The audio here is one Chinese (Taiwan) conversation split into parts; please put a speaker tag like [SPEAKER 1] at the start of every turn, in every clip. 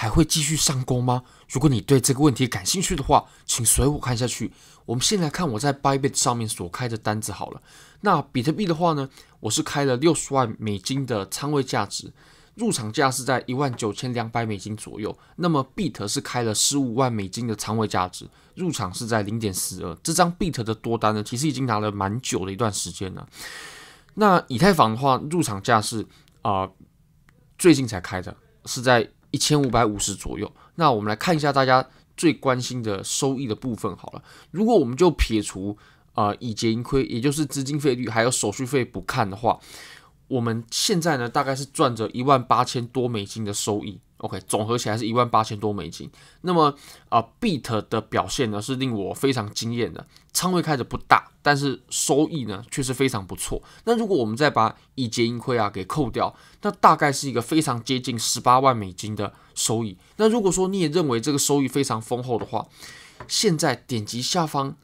[SPEAKER 1] 還會繼續上攻嗎？如果你對這個問題感興趣的話，請隨我看下去。我們先來看我在 Bybit 上面所開的單子好了。那比特幣的話呢，我是開了六十萬美金的倉位價值，入場價是在一萬九千兩百美金左右。那麼 Bit 是開了十五萬美金的倉位價值，入場是在零點四二。這張 Bit 的多單呢，其實已經拿了蠻久的一段時間了。那以太坊的話，入場價是啊、呃，最近才開的，是在，一千五百五十左右。那我們來看一下大家最關心的收益的部分好了。如果我們就撇除啊已結盈虧，也就是資金費率還有手續費不看的話，我們現在呢大概是賺着一萬八千多美金的收益。OK，總合起來是一萬八千多美金。那麼啊 Bybit 的表現呢是令我非常驚豔的。倉位看著不大，但是收益呢卻是非常不錯。那如果我們再把已結盈虧啊給扣掉，那大概是一個非常接近十八萬美金的收益。那如果說你也認為這個收益非常豐厚的話，現在點擊下方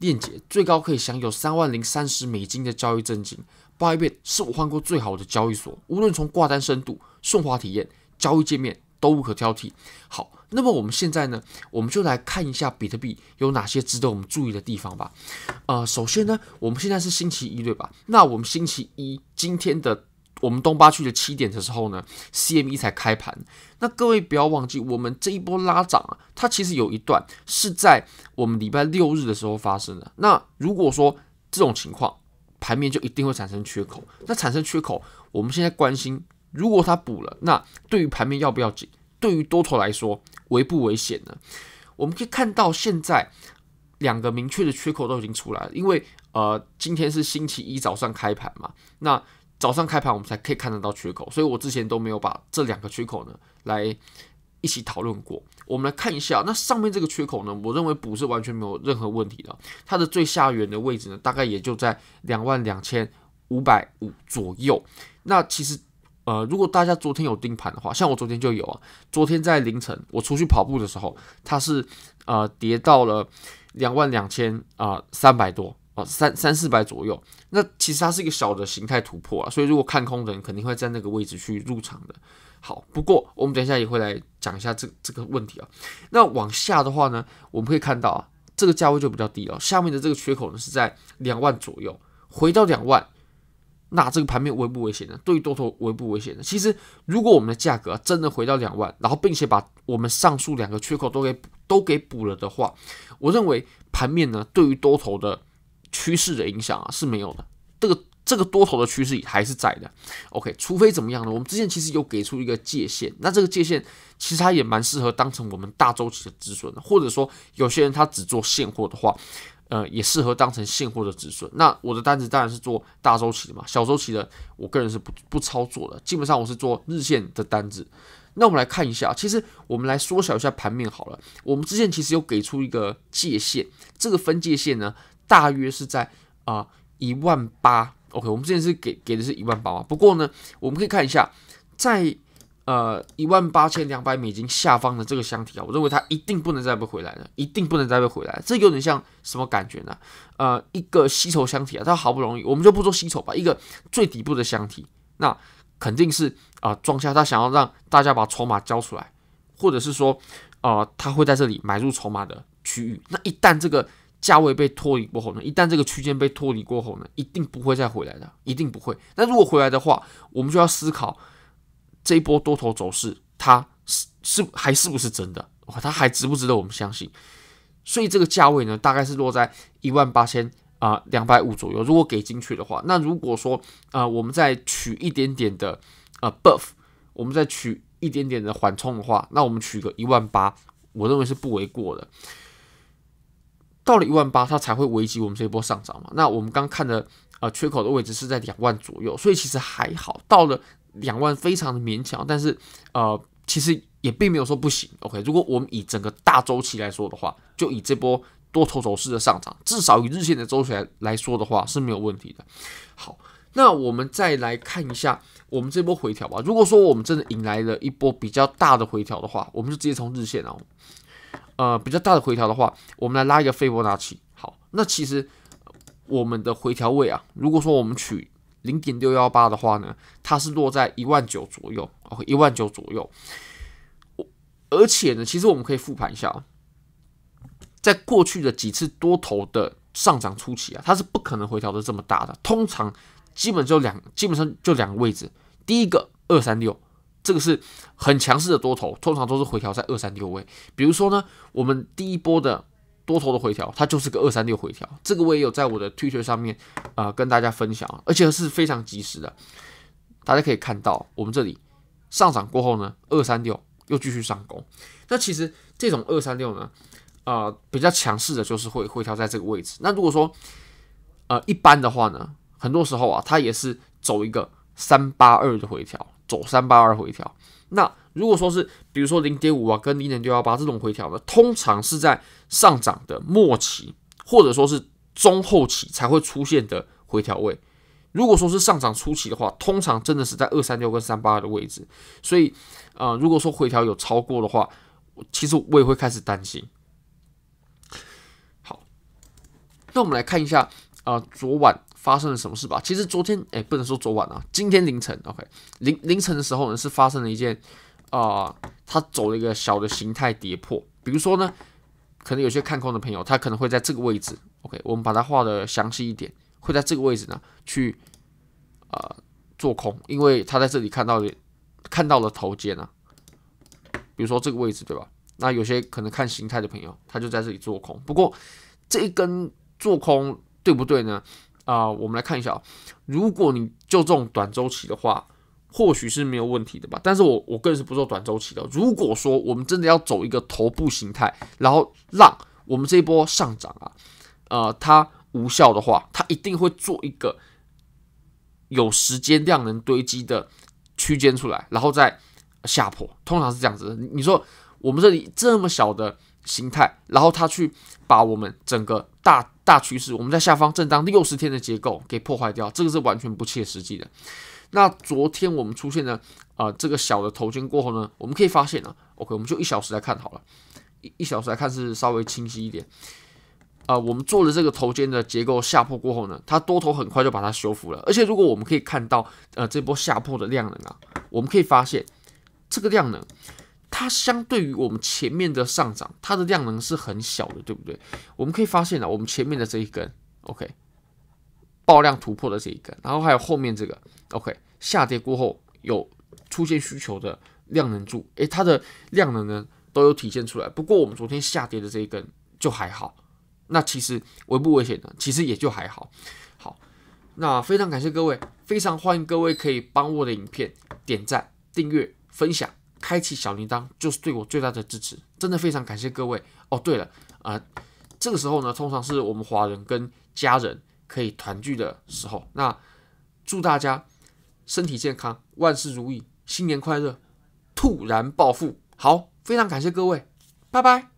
[SPEAKER 1] 鏈接，最高可以享有三萬零三十美金的交易贈金。Bybit 是我換過最好的交易所，無論從掛單深度、順滑體驗。交易界面都無可挑剔。好，那麼我們現在呢，我們就來看一下比特幣有哪些值得我們注意的地方吧。呃，首先呢，我們現在是星期一，對吧？那我們星期一今天的我們東八區的七點的時候呢，CME 才開盤。那各位不要忘記，我們這一波拉漲啊，它其實有一段是在我們禮拜六日的時候發生的。那如果說這種情況，盤面就一定會產生缺口。那產生缺口，我們現在關心。如果它補了，那對於盤面要不要緊？對於多頭來說危不危險呢？我們可以看到，現在兩個明確的缺口都已經出來了。因為呃，今天是星期一早上開盤嘛，那早上開盤我們才可以看得到缺口，所以我之前都沒有把這兩個缺口呢來一起討論過。我們來看一下，那上面這個缺口呢，我認為補是完全沒有任何問題的。它的最下緣的位置呢，大概也就在兩萬兩千五百五左右。那其實。呃，如果大家昨天有盯盤的話，像我昨天就有啊。昨天在凌晨我出去跑步的時候，它是呃跌到了兩萬兩千啊三百多啊三三四百左右。那其實它是一個小的形態突破啊，所以如果看空的人肯定會在那個位置去入場的。好，不過我們等一下也會來講一下這這個問題啊。那往下的話呢，我們可以看到啊，這個價位就比較低了。下面的這個缺口呢是在兩萬左右，回到兩萬。那這個盤面危不危險呢？對於多頭危不危險呢？其實，如果我們的價格真的回到兩萬，然後並且把我們上述兩個缺口都給都給補了的話，我認為盤面呢對於多頭的趨勢的影響啊是沒有的。這個這個多頭的趨勢還是在的。OK，除非怎麼樣呢？我們之前其實有給出一個界限，那這個界限其實它也蠻適合當成我們大週期的止損的，或者說有些人他只做現貨的話。呃，也適合當成現貨的止損。那我的單子當然是做大周期的嘛，小周期的我個人是不不操作的。基本上我是做日線的單子。那我們來看一下，其實我們來縮小一下盤面好了。我們之前其實有給出一個界限，這個分界線呢，大約是在啊一萬八。呃、18000, OK，我們之前是給給的是一萬八嘛。不過呢，我們可以看一下在。呃，一萬八千兩百美金下方的這個箱體啊，我認為它一定不能再被回來了，一定不能再被回來。這有點像什麼感覺呢？呃，一個吸籌箱體啊，它好不容易，我們就不說吸籌吧，一個最底部的箱體，那肯定是啊，呃，莊家他想要讓大家把籌碼交出來，或者是說，呃，他會在這裡買入籌碼的區域。那一旦這個價位被脫離過後呢，一旦這個區間被脫離過後呢，一定不會再回來的，一定不會。那如果回來的話，我們就要思考。這一波多頭走勢，它是是還是不是真的？哇，它還值不值得我們相信？所以這個價位呢，大概是落在一萬八千啊兩百五左右。如果給進去的話，那如果說啊、呃，我們再取一點點的啊、呃、buff，我們再取一點點的緩衝的話，那我們取個一萬八，我認為是不為過的。到了一萬八，它才會危及我們這一波上漲嘛？那我們剛看的啊、呃，缺口的位置是在兩萬左右，所以其實還好。到了。兩萬非常的勉強，但是，呃，其實也並沒有說不行。OK，如果我們以整個大週期來說的話，就以這波多頭走勢的上漲，至少以日線的週期來，來說的話是沒有問題的。好，那我們再來看一下我們這波回調吧。如果說我們真的迎來了一波比較大的回調的話，我們就直接從日線啊，呃，比較大的回調的話，我們來拉一個斐波那契。好，那其實我們的回調位啊，如果說我們取。零點六幺八的話呢，它是落在一萬九左右，OK，一萬九左右。而且呢，其實我們可以復盤一下，在過去的幾次多頭的上漲初期啊，它是不可能回調的這麼大的，通常基本就兩，基本上就兩個位置。第一個二三六，2, 3, 6，這個是很強勢的多頭，通常都是回調在二三六位。比如說呢，我們第一波的。多頭的回調，它就是個二三六回調，這個我也有在我的 Twitter 上面啊、呃、跟大家分享，而且是非常及時的。大家可以看到，我們這裡上漲過後呢，二三六又繼續上攻。那其實這種二三六呢，啊、呃、比較強勢的就是會回調在這個位置。那如果說呃一般的話呢，很多時候啊，它也是走一個三八二的回調，走三八二回調。那如果說是，比如說零點五啊，跟零點六幺八這種回調呢，通常是在上漲的末期，或者說是中後期才會出現的回調位。如果說是上漲初期的話，通常真的是在二三六跟三八二的位置。所以，啊、呃、如果說回調有超過的話，其實我也會開始擔心。好，那我們來看一下啊、呃，昨晚。發生了什麼事吧？其實昨天哎、欸，不能說昨晚啊，今天凌晨，OK，凌凌晨的時候呢，是發生了一件啊、呃，他走了一個小的形態跌破。比如說呢，可能有些看空的朋友，他可能會在這個位置，OK，我們把它畫得詳細一點，會在這個位置呢去啊、呃、做空，因為他在這裡看到了看到了頭肩啊，比如說這個位置對吧？那有些可能看形態的朋友，他就在這裡做空。不過這一根做空對不對呢？啊、呃，我們來看一下，如果你就這種短週期的話，或許是沒有問題的吧。但是我我個人是不做短週期的。如果說我們真的要走一個頭部形態，然後讓我們這一波上漲啊，呃，它無效的話，它一定會做一個有時間量能堆積的區間出來，然後再下破，通常是這樣子的。你說我們這裡這麼小的形態，然後它去把我們整個大大趨勢，我們在下方震盪六十天的結構給破壞掉，這個是完全不切實際的。那昨天我們出現了啊、呃，這個小的頭肩過後呢，我們可以發現啊 o、OK，k 我們就一小時來看好了，一一小時來看是稍微清晰一點。啊、呃，我們做了這個頭肩的結構下破過後呢，它多頭很快就把它修復了，而且如果我們可以看到呃這波下破的量能啊，我們可以發現這個量能。它相對於我們前面的上漲，它的量能是很小的，對不對？我們可以發現啊，我們前面的這一根，OK，爆量突破的這一根，然後還有後面這個，OK，下跌過後有出現需求的量能柱，誒，它的量能呢都有體現出來。不過我們昨天下跌的這一根就還好，那其實危不危險呢？其實也就還好。好，那非常感謝各位，非常歡迎各位可以幫我的影片點贊、訂閱、分享。開啟小鈴鐺就是對我最大的支持，真的非常感謝各位哦。對了啊，呃，這個時候呢，通常是我們華人跟家人可以團聚的時候。那祝大家身體健康，萬事如意，新年快樂，突然暴富。好，非常感謝各位，拜拜。